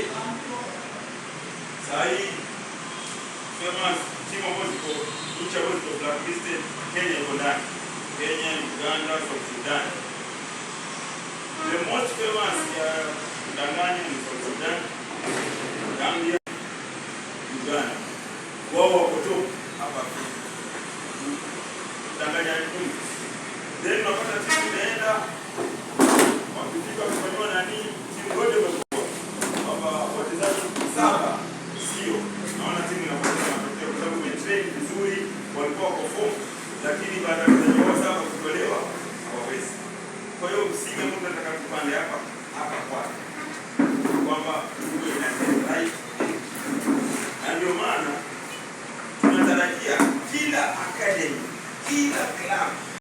Tuangalie saa hii sema timu Kenya Uganda, South Sudan. The ya mdanganyi ni Uganda. Wao wako hapa Afrika, mdanganyaji walikuwa wako lakini baada ya kuzaliwa sababu sasa kutolewa hawawezi. Kwa hiyo msingi mtu anataka tupande hapa hapa kwake kwamba tuwe na right, na ndio maana tunatarajia kila academy, kila club